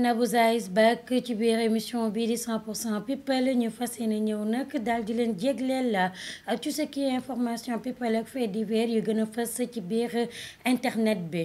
nabuzais back ci biir émission bi di 100 people ñu ñew nak di ce qui information people fait divers yu gëna ci biir internet bi.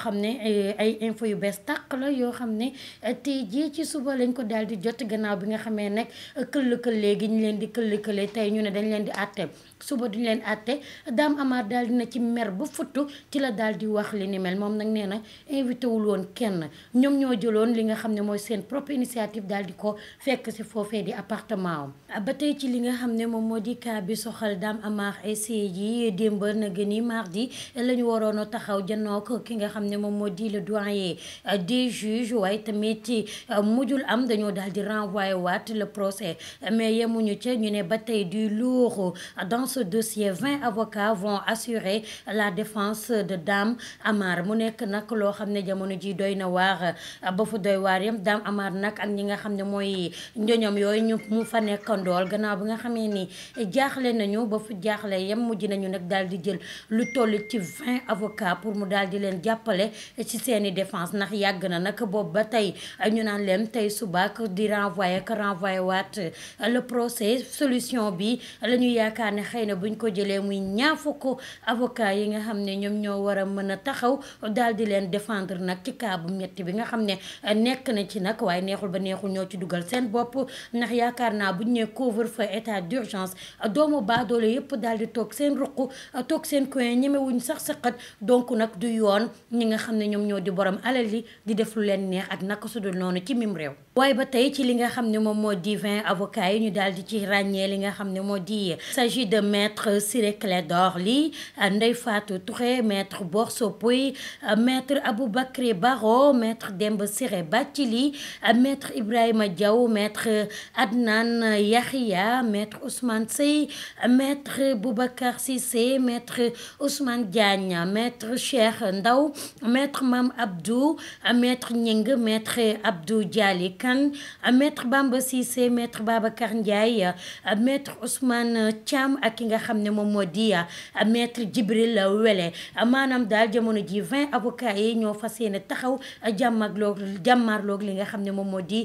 xam ne eh, ay info yu bees tàq la yoo xam ne eh, tey jii ci suba lañ ko daal di jot gannaaw bi nga xamee nag këll kël léegi ñu leen di këll këlee tey ñu ne dañ leen di àtte suba duñ leen àtte Dame Amar daal dina ci mer ba futtu ci la daal di wax li ni mel moom nag nee na invité wul woon kenn ñoom ñoo jëloon li nga xam ne mooy seen propre initiative daal di ko fekk si foofee di appartement am. ba tey ci li nga xam ne moom moo di bi soxal Dame Amar et yi démbal na nag ni mardi la ñu waroon a taxaw janook ki nga xam ne moom moo di le doyen des juges waaye tamit euh, mujjul am dañoo daal di renvoyé waat la procès mais yemuñu ci ñu ne ba tey du lourd ce dossier 20 avocats vont assurer la défense de Dame Amar mu Nakolo nag loo xam à jamono ji doyna war ba fu doy war yam Dame Amar Nak ak ñi nga xam ne mooy njoñom ñu mu fa nekkandool gannaaw bi nga le ni jaxlé nañu ba fu jaxlé yam mujj nañu nak daldi jël lu toll ci 20 avocats pour mu daldi di leen Si ci seeni défense nak yag na nak bob ba tey ñu naan leen suba ko di renvoyer ko renvoyer le procès solution bi lañu ñu xëy na buñ ko jëlee muy ñaar fukk avocat yi nga xam ne ñoom ñoo war a mën a taxaw daal di leen defendre nag ci cas bu bi nga xam ne euh, nekk na ci nag waaye neexul ba neexul ñoo ci dugal seen bopp ndax yaakaar naa buñ ne couvre-feu état d'urgence doomu baadoole yëpp daal di toog seen ruq toog seen coin ñemewuñ sax saqat donc nag du yoon ñi nga xam ne ñoom ñoo di borom alal yi di def lu leen neex ak naka sudul noonu ci mim réew Il ci li nga avocats ñu s'agit de maître Siré Clédor Maître Ndeye Fatou Touré maître Borso Pouy maître Aboubacry Baro maître Dembe Siré Batili, maître Ibrahim Diaw maître Adnan Yahya maître Ousmane Sey maître Boubacar Cissé maître Ousmane Diagne maître Cheikh Ndaw maître Mam Abdou maître Nying maître Abdou Dialika Kane euh, maître Bamba Cissé maître Babacar Ndiaye euh, maître Ousmane euh, Thiam ak ki nga xam ne moom moo di maître Djibril Wele maanaam daal jamono ji 20 avocats yi ñoo fas yéene taxaw jàmmarloog jàmmarloog li nga xam ne moom moo di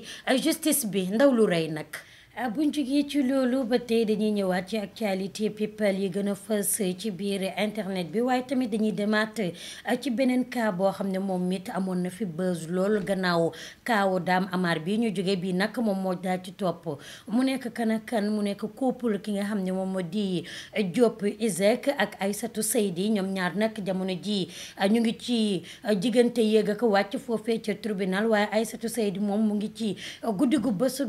justice bi ndaw lu rëy nag. Ah, buñ jógee ci loolu ba tey dañuy ñëwaat ci actualité people yi gën a fës ci biir internet bi waaye tamit dañuy demaat ah, ci beneen cas boo xam ne moom it amoon na fi buzz lool gannaaw kaawu daam Amar bi ñu jógee bii nag moom moo daal ci topp mu nekk kan mu nekk koppul ki nga xam ne moom moo di ah, Diop Isaac ak ay Aïssatou Seydi ñoom ñaar nag jamono ji ñu ngi ci diggante yéeg ak wàcc foofee ca tribunal waaye Aïssatou Seydi moom mu ngi ci guddi gu bës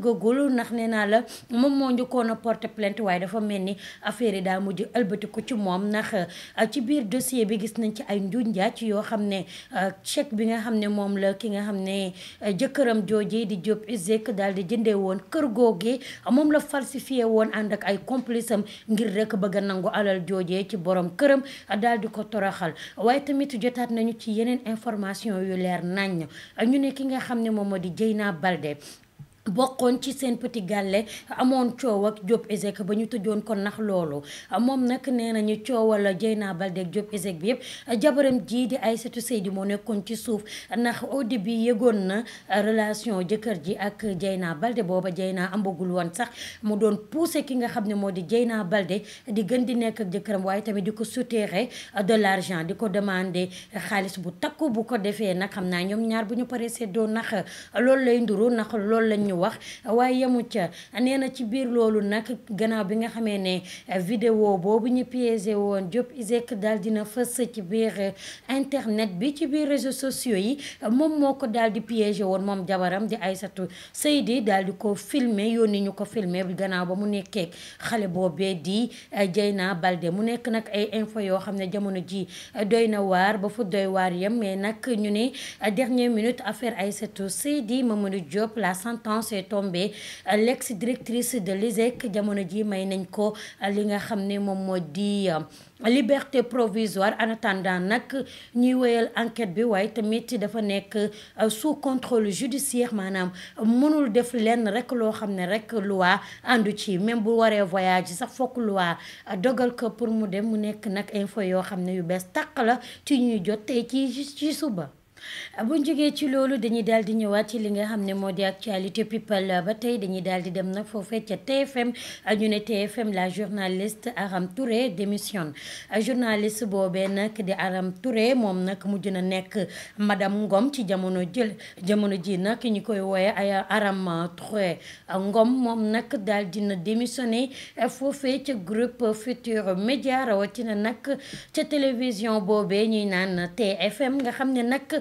Sall moom moo njëkkoon a porter plainte waaye dafa mel ni affaire yi daa mujj ëlbatiku ci moom ndax euh, ci biir dossier bi gis nañ ci ay njuuj njaaj yoo xam ne euh, chèque bi nga xam ne moom la ki nga xam ne euh, jëkkëram jooji di Diop Iseg di jëndee woon kër googi moom la falsifié woon ànd ak ay complice am ngir rek bëgg a nangu alal joojee ci borom këram daal di ko toroxal waaye tamit jotaat nañu ci yeneen information yu leer naññ ñu ne ki nga xam ne moom moo di Dieyna Baldé bokkoon ci seen petit gàlle amoon coow ak Diop Iseg ba ñu tëjoon ko nax loolu moom nag nee nañu coowal naa Baldé ak Diop Iseg bi yëpp jabaram jii di ay Aïssatou Seydi moo nekkoon ci suuf ndax au début yëgoon na relation jëkkër ji ak naa Baldé booba naa ambagul woon sax mu doon poussé ki nga xam ne moo di Dieyna Baldé di gën di nekk ak jëkkëram waaye tamit di ko soutirer de l'argent di ko demander xaalis bu takk bu ko defee nag xam naa ñaar bu ñu paree seddoo nax loolu lay wax waaye yemu ca nee na ci biir loolu nag gannaaw bi nga xamee ne eh, vidéo boobu ñu piégé woon Diop Iseg daal dina fës ci biir eh, internet bi ci biir réseaux sociaux yi eh, moom moo ko daal di piégé woon moom jabaram di Aïssatou Seydi daal di ko filmer yónni ñu ko filmer gannaaw ba mu nekkee xale boobee di naa Baldé mu nekk nag ay info yoo xam ne jamono ji doy na waar ba fu doy waar yem mais nag ñu ni dernière minute affaire ay Seydi Mamadou Diop la sentence c'est tombé l'ex directrice de l'ISEC jamono ji may nañ ko li nga xam ne moom euh, liberté provisoire en attendant nak ñuy wëyel enquête bi way tamit dafa nek euh, sous contrôle judiciaire manam mënul def lenn rek lo xamné rek loi andu ci même bu waré voyage sax fokk loi euh, dogal ko pour mu dem mu nek nak info yo xamné yu bees tak la ci ñuy jot ci ci suba bu jógee ci loolu dañuy daal di ñëwaat ci li nga xam ne moo di actualité people ba tey dañuy daal di dem nag foofee ca TFM ñu ne TFM la journaliste Aram Touré démissionne journaliste boobee nak di Aram Touré moom nag mujj na nekk madame Ngom ci jamono jël jamono ji nag ñu koy wooye ay Aram Touré Ngom moom nag daal dina démissionné foofee ca groupe Futur Média rawatina nag ca télévision boobee ñuy naan TFM nga xam ne nag.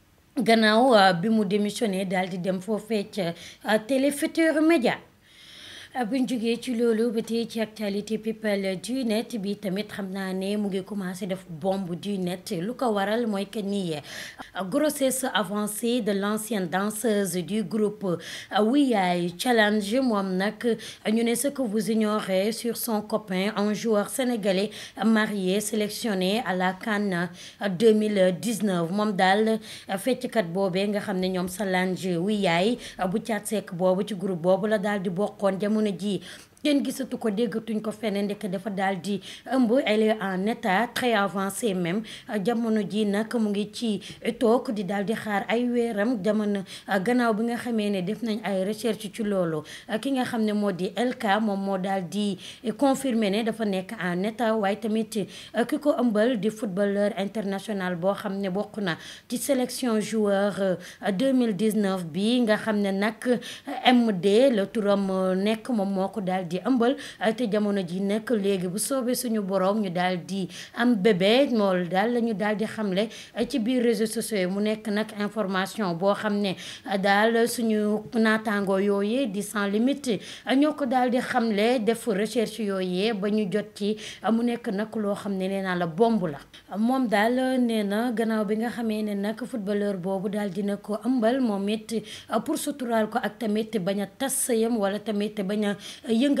gannaaw euh, bi mu démissionné daal di dem foofee ca euh, Télé Futurs Ah, buñ jógee ci lolu ba ci actualité people du net bi tamit xam naa mu ngi commencé def bombe du net lu ko waral moy que ni ah, grossesse avancée de l'ancienne danseuse du groupe ah, We Are Challenge moom nag ñu né ce que vous ignorez sur son copain un joueur sénégalais marié sélectionné à la CAN 2019 dal daal kat bobé nga xamné ñom Challenge Solange We Are bu caat seek boobu ci groupe bobu la dal di bokkon jamono teknologi kenn gisatu ko déggatuñ ko feneen ndek dafa daal di ëmb elle est en état très avancé même jamono ji nak mu ngi ci toog di daal di xaar ay weeram jamono gannaaw bi nga xamee ne def nañ ay recherche ci loolu ki nga xam ne moo di LK moom moo daal di confirmer ne dafa nekk en état waaye tamit ki ko ëmbal di footballeur international boo xam ne bokk na ci sélection joueur 2019 euh, bi nga xam ne nag MD la turam euh, nekk moom moo ko daal di ëmbal eh, te ji nag léegi bu soobee suñu borom ñu daal di am bébé mool daal la ñu daal di xamle eh, ci biir réseaux sociaux yi mu nekk nag information boo xam ne eh, daal suñu naataango yooyee di sans limite ñoo ko daal di xamle def recherche yooyee ba ñu jot ci mu nekk nag loo xam ne nee naa la bomb la moom daal nee gannaaw bi nga xamee ne nag footballeur boobu daal dina ko ëmbal moom it pour suturaal ko ak tamit bañ a tas sëyam wala tamit bañ a yëngal